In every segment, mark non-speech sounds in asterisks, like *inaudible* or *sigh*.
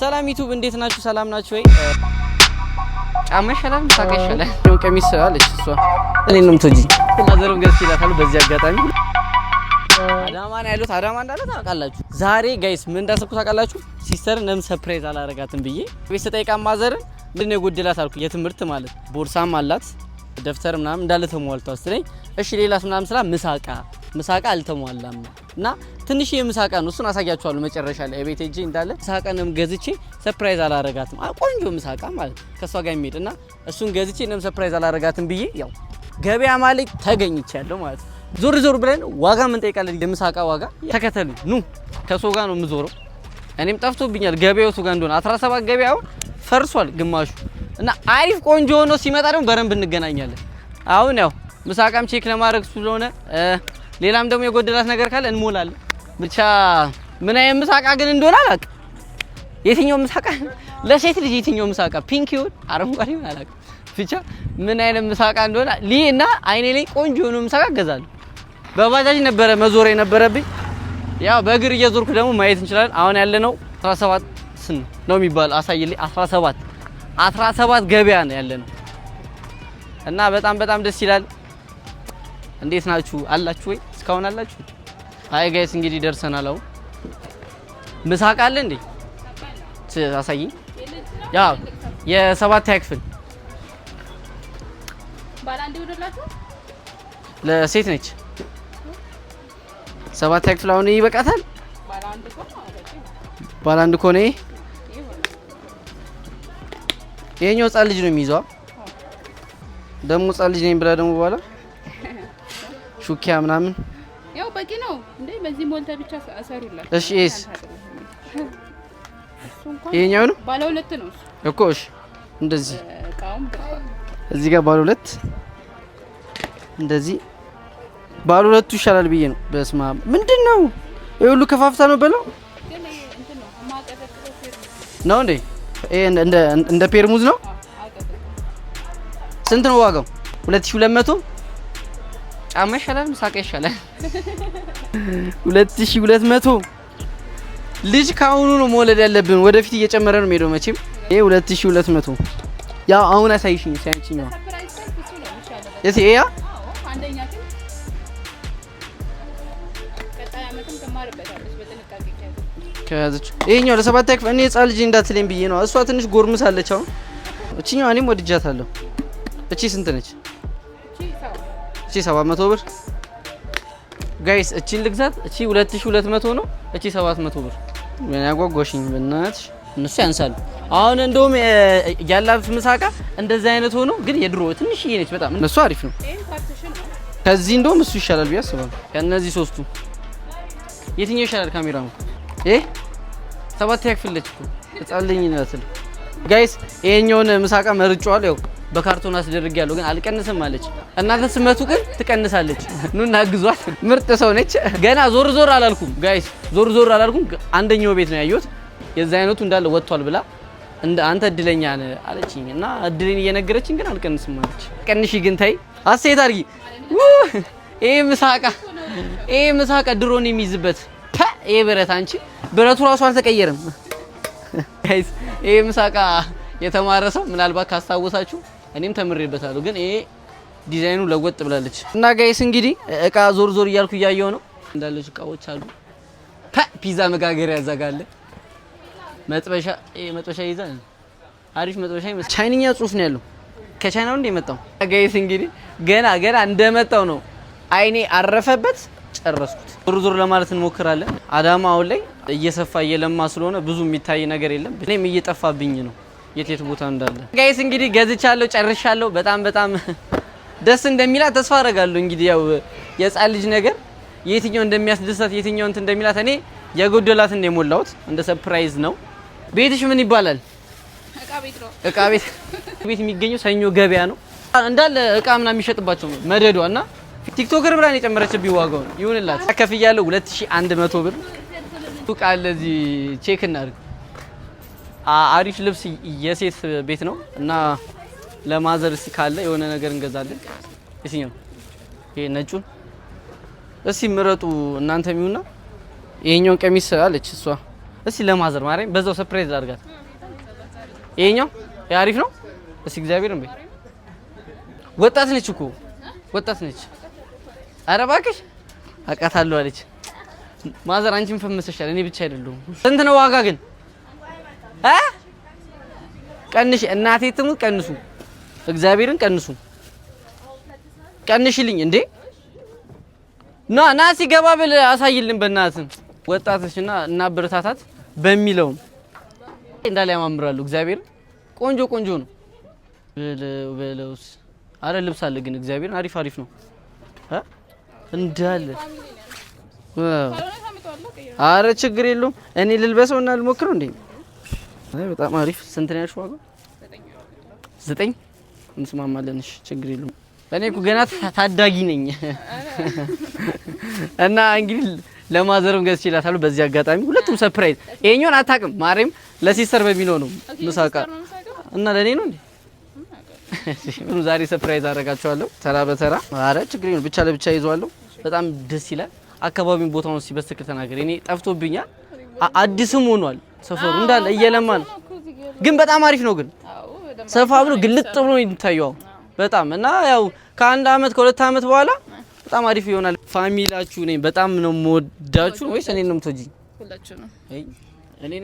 ሰላም ዩቱብ እንዴት ናችሁ? ሰላም ናችሁ ወይ? ጫማ ይሻላል ሳቃ ይሻላል ነው ቀሚስ አለች እሷ እኔ ነው ምትጂ ማዘሩን ገስ ይላታሉ። በዚህ አጋጣሚ አዳማ ነው ያሉት። አዳማ እንዳለ ታውቃላችሁ። ዛሬ ጋይስ ምን እንዳሰብኩ ታውቃላችሁ? ሲስተር ነም ሰርፕራይዝ አላረጋትም ብዬ ቤት ስጠይቃ ማዘርን ምንድን ነው የጎደላት አልኩ። የትምህርት ማለት ቦርሳም አላት ደብተር ምናምን እንዳለ ተሟልቷል ስትለኝ እሺ ሌላስ ምናምን ስላ ምሳቃ ምሳቃ አልተሟላም እና ትንሽ የምሳቃ ነው። እሱን አሳያችኋለሁ መጨረሻ ላይ ቤት እጄ እንዳለ ምሳቃንም ገዝቼ ሰርፕራይዝ አላረጋትም። ቆንጆ ምሳቃ ማለት ከእሷ ጋር የሚሄድ እና እሱን ገዝቼ እንም ሰርፕራይዝ አላረጋትም ብዬ ያው ገበያ ማለት ተገኝቻለሁ ማለት ነው። ዞር ዞር ብለን ዋጋ ምን ጠይቃለን? የምሳቃ ዋጋ ተከተሉ። ኑ ከሶ ጋር ነው የምዞረው። እኔም ጠፍቶብኛል ገበያው ሶ ጋር እንደሆነ 17 ገበያው ፈርሷል ግማሹ እና አሪፍ ቆንጆ ሆኖ ሲመጣ ደግሞ በረንብ እንገናኛለን። አሁን ያው ምሳቃም ቼክ ለማድረግ ስለሆነ ሌላም ደግሞ የጎደላት ነገር ካለ እንሞላለን። ብቻ ምን አይነት ምሳቃ ግን እንደሆነ አላውቅም። የትኛው ምሳቃ ለሴት ልጅ የትኛው ምሳቃ ፒንክ ይሁን አረንጓዴ ይሁን አላውቅም። ብቻ ምን አይነት ምሳቃ እንደሆነ ልይ እና አይኔ ላይ ቆንጆ የሆነ ምሳቃ እገዛለሁ። በባጃጅ ነበረ መዞር የነበረብኝ ያው በእግር እየዞርኩ ደግሞ ማየት እንችላለን። አሁን ያለነው 17 ነው የሚባል አሳይልኝ። 17 17 ገበያ ነው ያለነው እና በጣም በጣም ደስ ይላል። እንዴት ናችሁ? አላችሁ ወይ? እስካሁን አላችሁ? አይ ጋይስ እንግዲህ ደርሰናል። አሁን ምሳ ዕቃ እንዴ? አሳይኝ። ያ የሰባት ክፍል ለሴት ነች። ሰባት ክፍል አሁን ይበቃታል። ባለ አንድ ኮኔ ይሄኛው ህጻን ልጅ ነው የሚይዘው። ደግሞ ህጻን ልጅ ነኝ ብላ ደግሞ በኋላ ሹኪያ ምናምን ያው በቂ ነው እንዴ? በዚህ ሞልተ ብቻ አሰሩላል። እሺ እሺ፣ ይሄኛው ነው ባለ ሁለት ነው እኮ። እሺ፣ እንደዚህ እዚህ ጋር ባለ ሁለት እንደዚህ ባለ ሁለቱ ይሻላል ብዬ ነው። በስማ ምንድን ነው ይሄ ሁሉ ከፋፍታ ነው በለው ነው እንዴ? ይሄ እንደ እንደ ፔርሙዝ ነው። ስንት ነው ዋጋው? 2200 ጫማ ይሻላል፣ ምሳቃ ይሻላል። ሁለት ሺ ሁለት መቶ ልጅ ከአሁኑ ነው መውለድ ያለብን። ወደፊት እየጨመረ ነው ሄደው መቼም ይሄ ሁለት ሺ ሁለት መቶ ያው አሁን አሳይሽኝ ሲያንቺኝ ነው እዚህ ያ ከያዘች ይሄኛው ለሰባት ያክፍ እኔ ህፃን ልጅ እንዳትለኝ ብዬ ነው። እሷ ትንሽ ጎርምሳለች አሁን። እቺኛው እኔም ወድጃታለሁ። እቺ ስንት ነች? እቺ 700 ብር ጋይስ፣ እቺ ልግዛት። እቺ 2200 ነው። እቺ 700 ብር ያጓጓሽኝ በእናትሽ። እነሱ ያንሳሉ። አሁን እንደውም ያላፍ ምሳቃ እንደዚህ አይነት ሆኖ ግን የድሮ ትንሽዬ ነች በጣም። እነሱ አሪፍ ነው። ከዚህ እንደውም እሱ ይሻላል ብዬ አስባለሁ። ከነዚህ ሶስቱ የትኛው ይሻላል? ካሜራ ነው ይሄ። ሰባት ያክፍለች እኮ ጻልኝ ጋይስ። ይሄኛውን ምሳቃ መርጫዋል ያው በካርቶን አስደርግ ያለው ግን አልቀንስም አለች። እናንተ ስመቱ ግን ትቀንሳለች። ኑና ግዟት። ምርጥ ሰው ነች። ገና ዞር ዞር አላልኩም ጋይስ፣ ዞር ዞር አላልኩም። አንደኛው ቤት ነው ያየሁት። የዛ አይነቱ እንዳለ ወጥቷል ብላ እንደ አንተ እድለኛ ነህ አለችኝ እና እድሌን እየነገረችኝ ግን አልቀንስም አለች። ቀንሺ ግን ታይ አሴት አድርጊ። ይሄ ምሳቃ ይሄ ምሳቃ ድሮን የሚይዝበት ይሄ ብረት አንቺ ብረቱ ራሱ አልተቀየርም ጋይስ ይሄ ምሳቃ የተማረ ሰው ምናልባት ካስታወሳችሁ እኔም ተምሬበታለሁ። ግን ይሄ ዲዛይኑ ለወጥ ብላለች እና ጋይስ እንግዲህ እቃ ዞር ዞር እያልኩ እያየው ነው እንዳለች እቃዎች አሉ። ፒዛ መጋገሪያ ያዛጋለ መጥበሻ ይሄ መጥበሻ ይዛ አሪፍ መጥበሻ ይመስል ቻይንኛ ጽሁፍ ነው ያለው። ከቻይናው እንደ የመጣው ጋይስ እንግዲህ ገና ገና እንደመጣው ነው አይኔ አረፈበት። ጨረስኩት። ዞር ዞር ለማለት እንሞክራለን። አዳማ አሁን ላይ እየሰፋ እየለማ ስለሆነ ብዙ የሚታይ ነገር የለም። እኔም እየጠፋብኝ ነው። የቴት ቦታ እንዳለ ጋይስ እንግዲህ ገዝቻለሁ፣ ጨርሻለሁ። በጣም በጣም ደስ እንደሚላት ተስፋ አደርጋለሁ። እንግዲህ ያው የህፃን ልጅ ነገር የትኛው እንደሚያስደስታት የትኛው እንትን እንደሚላት እኔ የጎደላት ነው የሞላሁት። እንደ ሰርፕራይዝ ነው። ቤትሽ ምን ይባላል? እቃ ቤት ነው። *laughs* ቤት የሚገኘው ሰኞ ገበያ ነው እንዳለ እቃ ምናምን የሚሸጥባቸው መደዷ እና ቲክቶከር ብላ ነው ቢዋጋው ይሁንላት ከፍያለሁ 2100 ብር ቃል ለዚህ ቼክ እናድርግ አሪፍ ልብስ የሴት ቤት ነው እና ለማዘር እስቲ ካለ የሆነ ነገር እንገዛለን። የትኛው ይሄ ነጩን እስቲ ምረጡ እናንተ የሚውና ይሄኛውን ቀሚስ አለች እሷ። እስቲ ለማዘር ማርያም በዛው ሰርፕራይዝ አድርጋት። ይሄኛው አሪፍ ነው። እስቲ እግዚአብሔር እንበይ። ወጣት ነች እኮ ወጣት ነች። አረ እባክሽ አውቃታለሁ አለች ማዘር። አንቺን ፈመሰሻል፣ እኔ ብቻ አይደለሁም። ስንት ነው ዋጋ ግን? ቀንሽ እናቴ ትሙት፣ ቀንሱ፣ እግዚአብሔርን ቀንሱ፣ ቀንሽልኝ። እንዴ ና ና ሲገባ ብል አሳይልን፣ በእናትህ ወጣቶችና እና እናበረታታት በሚለው እንዳለ ያማምራሉ። እግዚአብሔርን ቆንጆ ቆንጆ ነው። በለውስ አረ ልብስ አለ ግን እግዚአብሔርን አሪፍ አሪፍ ነው እንዳለ አረ ችግር የለውም። እኔ ልልበሰው እና ልሞክረው እንዴ አይ በጣም አሪፍ። ስንት ነው ያልሽው ዋጋ? ዘጠኝ እንስማማለንሽ፣ ችግር የለውም። እኔ እኮ ገና ታዳጊ ነኝ *laughs* እና እንግዲህ ለማዘርም ገዝቼ እላታለሁ። በዚህ አጋጣሚ ሁለቱም ሰርፕራይዝ። ይሄኛውን አታውቅም ማሬም ለሲስተር በሚለው ነው ምሳቃ እና ለእኔ ነው እንዴ? ምንም *laughs* ዛሬ ሰርፕራይዝ አደርጋቸዋለሁ ተራ በተራ። አረ ችግር የለውም ብቻ ለብቻ ይዘዋለሁ። በጣም ደስ ይላል። አካባቢውን ቦታውን ሲበስክ ተናገር። እኔ ጠፍቶብኛል፣ አዲስም ሆኗል። ሰፈሩ እንዳለ እየለማ ነው፣ ግን በጣም አሪፍ ነው። ግን ሰፋ ብሎ ግልጥ ብሎ የሚታየው በጣም እና ያው ከአንድ አመት ከሁለት አመት በኋላ በጣም አሪፍ ይሆናል። ፋሚላችሁ ነኝ። በጣም ነው የምወዳችሁ። ወይስ እኔን ነው የምትወጂኝ? *laughs* ነው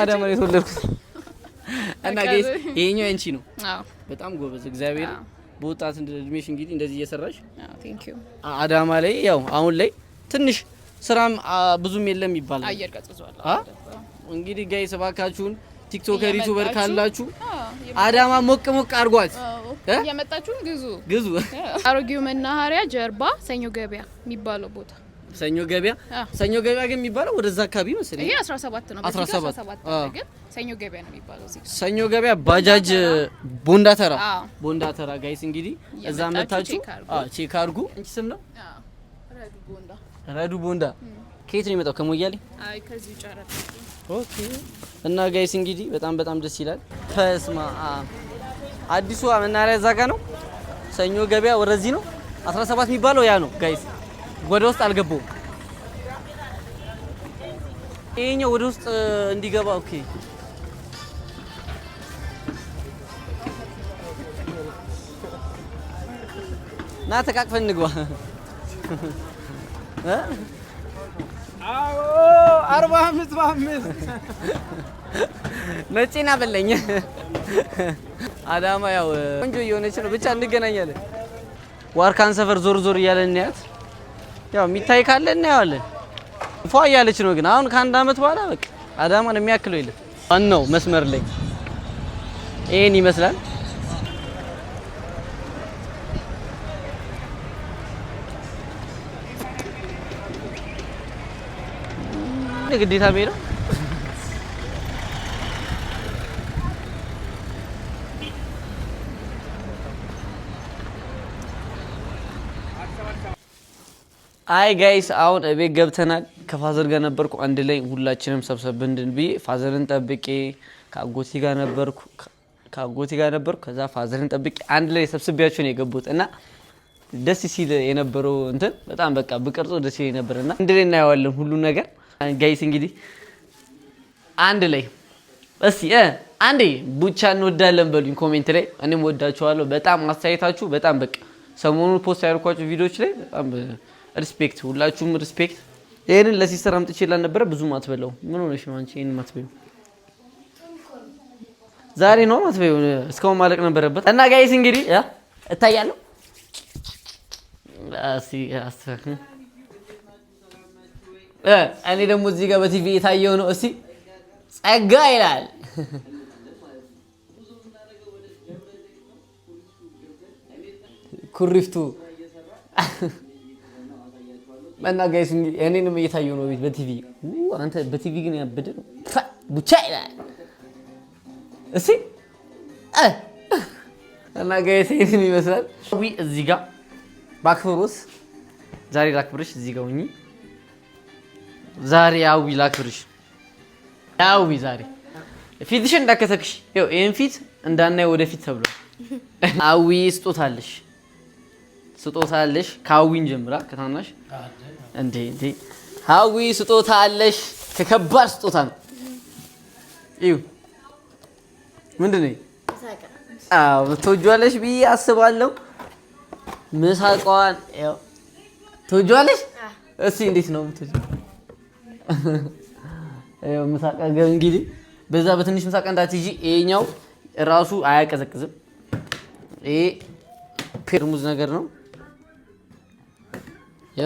አዳማ ነው የተወለድኩት። እና ይሄኛው አንቺ ነው። በጣም ጎበዝ እግዚአብሔር በወጣት እድሜሽ እንግዲህ እንደዚህ እየሰራሽ አዳማ ላይ ያው አሁን ላይ ትንሽ ስራም ብዙም የለም ይባላል። አየር ቀጽዟል። እንግዲህ ጋይስ እባካችሁን ቲክቶከር ዩቱበር ካላችሁ አዳማ ሞቅ ሞቅ አድርጓት እየመጣችሁን ግዙ ግዙ። አሮጌው መናኸሪያ ጀርባ ሰኞ ገበያ የሚባለው ቦታ ሰኞ ገበያ ሰኞ ገበያ ግን የሚባለው ወደዛ አካባቢ መሰለኝ። ይሄ 17 ነው። 17 ግን ሰኞ ገበያ ነው የሚባለው። እዚህ ሰኞ ገበያ ባጃጅ ቦንዳ ተራ ቦንዳ ተራ ጋይስ፣ እንግዲህ እዛ መታችሁ ቼክ አድርጉ። እንቺ ስም ነው ረዱ ቦንዳ። ረዱ ቦንዳ ከየት ነው የመጣው? ከሞያሌ። አይ ከዚህ ጫራ። ኦኬ። እና ጋይስ እንግዲህ በጣም በጣም ደስ ይላል። ተስማ አዲሱ መናኸሪያ እዛ ጋ ነው። ሰኞ ገበያ ወደዚህ ነው። 17 የሚባለው ያ ነው ጋይስ ወደ ውስጥ አልገቡም። ይሄኛው ወደ ውስጥ እንዲገባ ኦኬ። ና ተቃቅፈን እንግባ። አርባ አምስት በአምስት መቼና በለኝ። አዳማ ያው ቆንጆ እየሆነች ነው። ብቻ እንገናኛለን። ዋርካን ሰፈር ዞር ዞር እያለን እንያት ያው የሚታይ ካለ እናየዋለን። ፏ እያለች ነው ግን አሁን ከአንድ አመት በኋላ በቃ አዳማን የሚያክለው የለም። ዋናው መስመር ላይ ይሄን ይመስላል። ግዴታ ሄደው አይ ጋይስ አሁን እቤት ገብተናል። ከፋዘር ጋር ነበርኩ አንድ ላይ ሁላችንም ሰብሰብ ብንድን ብዬ ፋዘርን ጠብቄ ከአጎቴ ጋር ነበርኩ ከአጎቴ ጋር ነበርኩ። ከዛ ፋዘርን ጠብቄ አንድ ላይ ሰብስቤያቸው ነው የገቡት እና ደስ ሲል የነበረው እንትን በጣም በቃ ብቀርጾ ደስ ሲል ነበር እና አንድ ላይ እናየዋለን ሁሉ ነገር ጋይስ። እንግዲህ አንድ ላይ እስቲ አንዴ ቡቻ እንወዳለን በሉኝ ኮሜንት ላይ። እኔም ወዳችኋለሁ በጣም አስተያየታችሁ በጣም በቃ ሰሞኑን ፖስት ያደርኳቸው ቪዲዮዎች ላይ በጣም ሪስፔክት፣ ሁላችሁም ሪስፔክት። ይሄንን ለሲስተር አምጥቼ ላልነበረ ብዙ ማትበለው ምን ሆነሽ ነው አንቺ? ይሄንን አትበይው ዛሬ ነው አትበይው። እስካሁን ማለቅ ነበረበት እና ጋይስ እንግዲህ እታያለሁ። እኔ ደግሞ እዚህ ጋር በቲቪ የታየው ነው። እስቲ ጸጋ ይላል ኩሪፍቱ እና ጋይስ እኔንም እየታየሁ ነው ቤት በቲቪ አንተ በቲቪ ግን ያበደ ቡቻ ይላል እሺ እና ጋይስ ይሄን ይመስላል ዊ እዚህ ጋ በአክብሮት ዛሬ ላክብርሽ እዚህ ጋ ሁኚ ዛሬ ያዊ ላክብርሽ ያዊ ዛሬ ፊትሽን እንዳከተክሽ ይህን ፊት እንዳናየ ወደፊት ተብሎ *laughs* አዊ ስጦታለሽ ስጦታለሽ ከአዊን ጀምራ ከታናሽ እንዴ እንዴ ሀዊ ስጦታ አለሽ? ከከባድ ስጦታ ነው። እዩ ምንድን ነው? አዎ ትወጂዋለሽ ብዬ አስባለሁ። ምሳቋን ያው ትወጂዋለሽ። እስኪ እንዴት ነው የምትወጂው? ያው ምሳቃ እንግዲህ በዛ በትንሽ ምሳቃ እንዳትይጂ። ይሄኛው ራሱ አያቀዘቅዝም። ይሄ ፔርሙዝ ነገር ነው።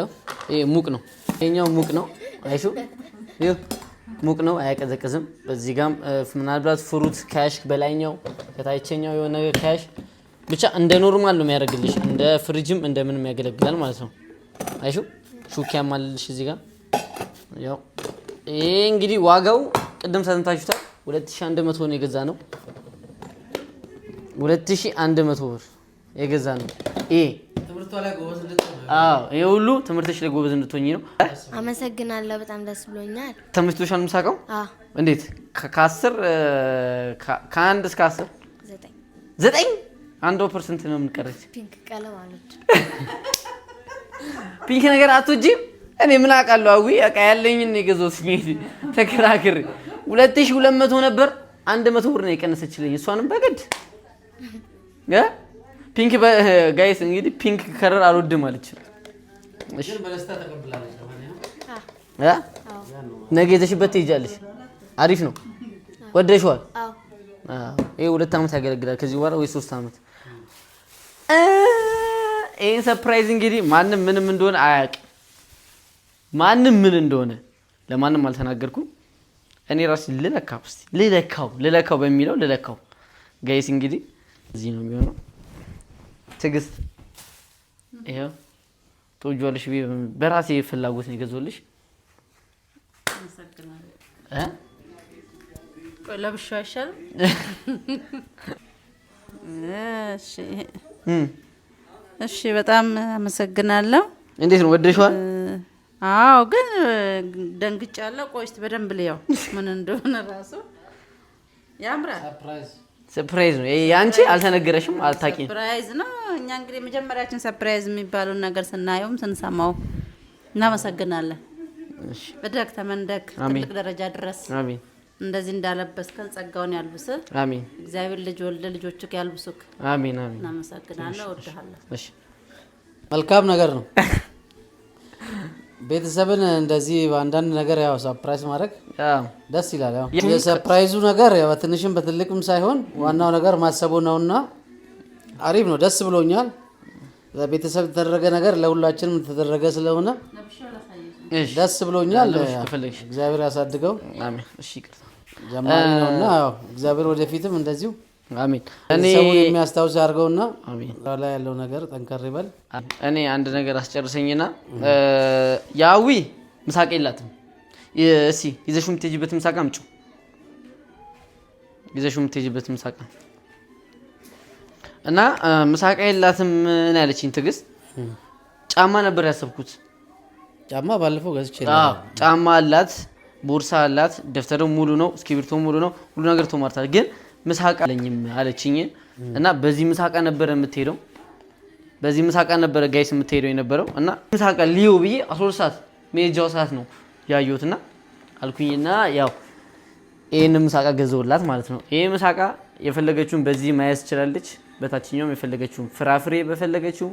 ያው ይሄ ሙቅ ነው። ይሄኛው ሙቅ ነው። አይሹ ይሄ ሙቅ ነው፣ አያቀዘቅዝም። በዚህ ጋም ምናልባት ፍሩት ካሽ በላይኛው ከታችኛው የሆነ ነገር ካሽ ብቻ እንደ ኖርማል ነው የሚያደርግልሽ። እንደ ፍሪጅም እንደምንም ያገለግላል ማለት ነው። አይሹ ሹኪያም አለልሽ እዚህ ጋር ያው ይሄ እንግዲህ ዋጋው ቅድም ሰምታችሁታል። 2100 ነው የገዛ ነው 2100 ብር የገዛ ነው ይሄ ይህ ሁሉ ትምህርትሽ ላይ ጎበዝ እንድትሆኝ ነው። አመሰግናለሁ። በጣም ደስ ብሎኛል። ተመችቶሻል? ምሳቀው እንዴት? ከአስር ከአንድ እስከ አስር ዘጠኝ አንድ ፐርሰንት ነው የምንቀረች። ፒንክ ቀለም አለች *laughs* ፒንክ ነገር አትወጂም? እኔ ምን አውቃለሁ? አዊ ዕቃ ያለኝን የገዛሁት ተከራክሬ ሁለት ሺህ ሁለት መቶ ነበር አንድ መቶ ብር ነው የቀነሰችልኝ። እሷንም በግድ ፒንክ *laughs* ጋይስ እንግዲህ ፒንክ ከረር አልወድም አለች። ነገ ይዘሽበት ትሄጃለሽ። አሪፍ ነው። ወደሽዋል? ይሄ ሁለት ዓመት ያገለግላል ከዚህ በኋላ ወይ ሶስት ዓመት። ይህን ሰርፕራይዝ እንግዲህ ማንም ምንም እንደሆነ አያውቅም። ማንም ምን እንደሆነ ለማንም አልተናገርኩም። እኔ ራሴ ልለካው ልለካው ልለካው በሚለው ልለካው። ጋይስ እንግዲህ እዚህ ነው የሚሆነው ትዕግስት ይኸው ተወጇለሽ። በራሴ ፍላጎት ነው የገዛሁልሽ። ለብሻ አይሻልም? *laughs* እሺ፣ በጣም አመሰግናለሁ። እንዴት ነው ወደሽዋል? አዎ፣ ግን ደንግጫለሁ። ቆይ እስኪ በደንብ ልየው ምን እንደሆነ ራሱ ያምራል። ሰርፕራይዝ ነው አንቺ አልተነገረሽም፣ አልታቂ ሰርፕራይዝ ነው። እኛ እንግዲህ መጀመሪያችን ሰርፕራይዝ የሚባለውን ነገር ስናየውም ስንሰማው እናመሰግናለን። በደግ ተመንደግ ትልቅ ደረጃ ድረስ አሜን። እንደዚህ እንዳለበስከን ጸጋውን ያልብስ አሜን። እግዚአብሔር ልጅ ወልደ ልጆች ያልብሱክ አሜን፣ አሜን። እናመሰግናለን። እወድሃለሁ። መልካም ነገር ነው። ቤተሰብን እንደዚህ በአንዳንድ ነገር ያው ሰርፕራይዝ ማድረግ ደስ ይላል። ያው የሰርፕራይዙ ነገር በትንሽም በትልቅም ሳይሆን ዋናው ነገር ማሰቡ ነውና አሪፍ ነው። ደስ ብሎኛል። ለቤተሰብ የተደረገ ነገር ለሁላችንም የተደረገ ስለሆነ ደስ ብሎኛል። እግዚአብሔር ያሳድገው ጀማሪ ነውና እግዚአብሔር ወደፊትም እንደዚሁ አሜን። እኔ የሚያስታውስ አድርገውና ላይ ያለው ነገር ጠንከር ይበል። እኔ አንድ ነገር አስጨርሰኝና ያዊ ምሳቅ የላትም። እሲ ይዘሽ የምትሄጂበት ምሳቅ አምጪ። ይዘሽ የምትሄጂበት ምሳቅ እና ምሳቅ የላትም ምን ያለችኝ። ትዕግስት ጫማ ነበር ያሰብኩት። ጫማ ባለፈው ገዝቼ ጫማ አላት፣ ቦርሳ አላት፣ ደብተሩ ሙሉ ነው፣ እስክሪብቶ ሙሉ ነው፣ ሁሉ ነገር ተሟርታል ግን ምሳቃ ለኝም አለችኝ እና በዚህ ምሳቃ ነበረ የምትሄደው በዚህ ምሳቃ ነበረ ጋይስ የምትሄደው የነበረው እና ምሳቃ ልዩ ብዬ 12 ሰዓት መሄጃው ሰዓት ነው እና አልኩኝና ያው ይህን ምሳቃ ገዘውላት ማለት ነው። ይህ ምሳቃ የፈለገችውን በዚህ ማያዝ ትችላለች። በታችኛውም የፈለገችውን ፍራፍሬ በፈለገችው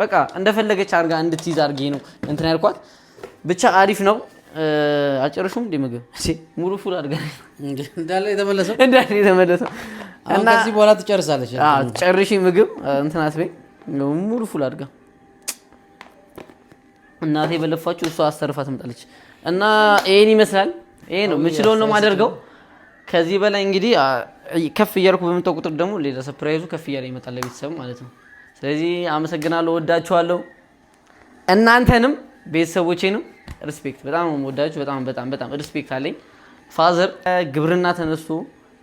በቃ እንደፈለገች አርጋ እንድትይዝ አርጌ ነው እንትን ያልኳት። ብቻ አሪፍ ነው። አጨረሹም እንዲ ምግብ ሙሉ ፉል አድርጋ እንዳለ የተመለሰው እንዳለ የተመለሰው እና ከዚህ በኋላ ትጨርሳለች። ጨርሺ ምግብ እንትናት ቤ ሙሉ ፉል አድጋ እናቴ በለፋችሁ እሷ አሰርፋ ትመጣለች። እና ይህን ይመስላል። ይሄ ነው ምችለውን ነው ማደርገው ከዚህ በላይ እንግዲህ ከፍ እያልኩ በምታው ቁጥር ደግሞ ሌላ ሰፕራይዙ ከፍ እያለ ይመጣል ለቤተሰብ ማለት ነው። ስለዚህ አመሰግናለሁ፣ ወዳችኋለሁ እናንተንም ቤተሰቦቼንም ሪስፔክት በጣም ወዳጅ በጣም በጣም በጣም ሪስፔክት አለኝ። ፋዘር ግብርና ተነስቶ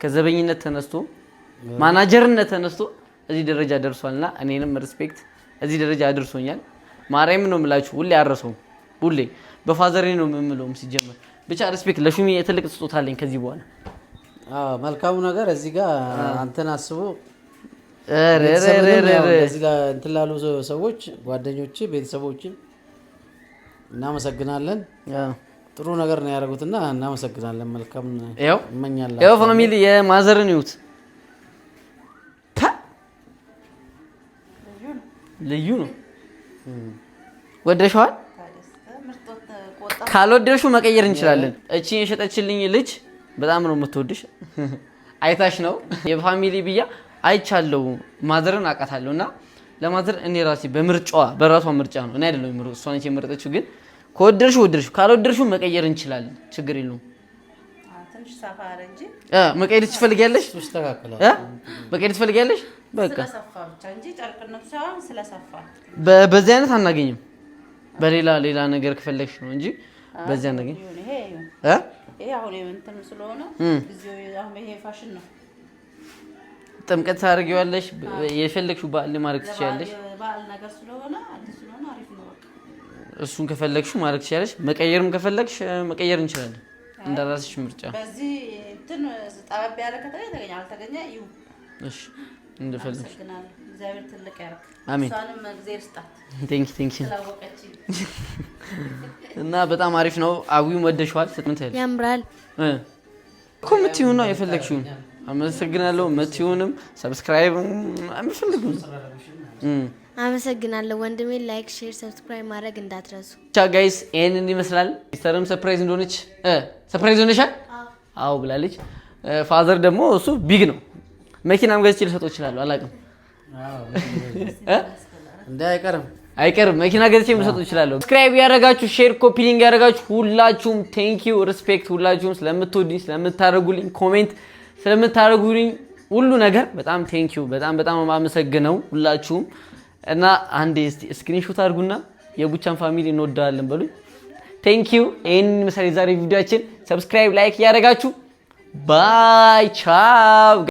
ከዘበኝነት ተነስቶ ማናጀርነት ተነስቶ እዚህ ደረጃ ደርሷልና እኔንም ሪስፔክት እዚህ ደረጃ አድርሶኛል። ማርያም ነው የምላችሁ፣ ሁሌ አረሰው ሁሌ በፋዘሬ ነው የምምለውም ሲጀመር ብቻ ሪስፔክት ለሹሚ የትልቅ ስጦታ አለኝ ከዚህ በኋላ መልካሙ ነገር እዚህ ጋር አንተን አስቦ እዚህ ጋር እንትን ላሉ ሰዎች ጓደኞች ቤተሰቦችን እናመሰግናለን። ጥሩ ነገር ነው እና እናመሰግናለን። መልካም እመኛለሁ። ያው ፋሚሊ የማዘርን ይሁት ልዩ ነው። ወደሸዋል። ካልወደሹ መቀየር እንችላለን። እቺ የሸጠችልኝ ልጅ በጣም ነው የምትወድሽ። አይታሽ ነው የፋሚሊ ብያ አይቻለው ማዘርን አውቃታለሁ እና ለማዘር እኔ ራሴ በምርጫዋ በራሷ ምርጫ ነው እኔ አይደለም የምር እሷ ነች የመረጠችው። ግን ከወደድሽ ወደድሽ፣ ካልወደድሽ መቀየር እንችላለን። ችግር የለውም። መቀየር ትፈልጊያለሽ? መቀየር ትፈልጊያለሽ? በቃ በዚህ አይነት አናገኝም። በሌላ ሌላ ነገር ከፈለግሽ ነው እንጂ በዚህ አናገኝም። ይሄ አሁን እንትን ስለሆነ ይሄ ፋሽን ነው ጥምቀት ታደርጊዋለሽ። የፈለግሽው በዓል ማድረግ ትችላለሽ። እሱን ከፈለግሽው ማድረግ ትችላለሽ። መቀየርም ከፈለግሽ መቀየር እንችላለን። እንደራስሽ ምርጫ። እና በጣም አሪፍ ነው። አዊው ወደሸዋል። ያምራል እኮ የምትይው ነው የፈለግሽውን አመሰግናለሁ። መቲውንም ሰብስክራይብ አንፈልግም። አመሰግናለሁ ወንድሜ። ላይክ፣ ሼር፣ ሰብስክራይብ ማድረግ እንዳትረሱ። ቻ ጋይስ፣ ይሄንን ይመስላል። ሲስተርም ሰርፕራይዝ እንደሆነች ሰርፕራይዝ ሆነሻል? አዎ ብላለች። ፋዘር ደግሞ እሱ ቢግ ነው። መኪናም ገዝቼ ልሰጠው እችላለሁ። አላውቅም፣ አይቀርም አይቀርም መኪና ገዝቼ ልሰጠው እችላለሁ። ሰብስክራይብ ያደረጋችሁ ሼር፣ ኮፒ ሊንክ ያደረጋችሁ ሁላችሁም ቴንኪዩ ሪስፔክት፣ ሁላችሁም ስለምትወዱኝ ስለምታደርጉልኝ ኮሜንት ስለምታደርጉልኝ ሁሉ ነገር በጣም ቴንኪዩ። በጣም በጣም አመሰግነው ሁላችሁም። እና አንድ ስክሪንሾት አድርጉና የቡቻን ፋሚሊ እንወደዋለን በሉ። ቴንኪዩ። ይህን መሰለ ዛሬ ቪዲዮችን ሰብስክራይብ፣ ላይክ እያደረጋችሁ ባይ ቻው።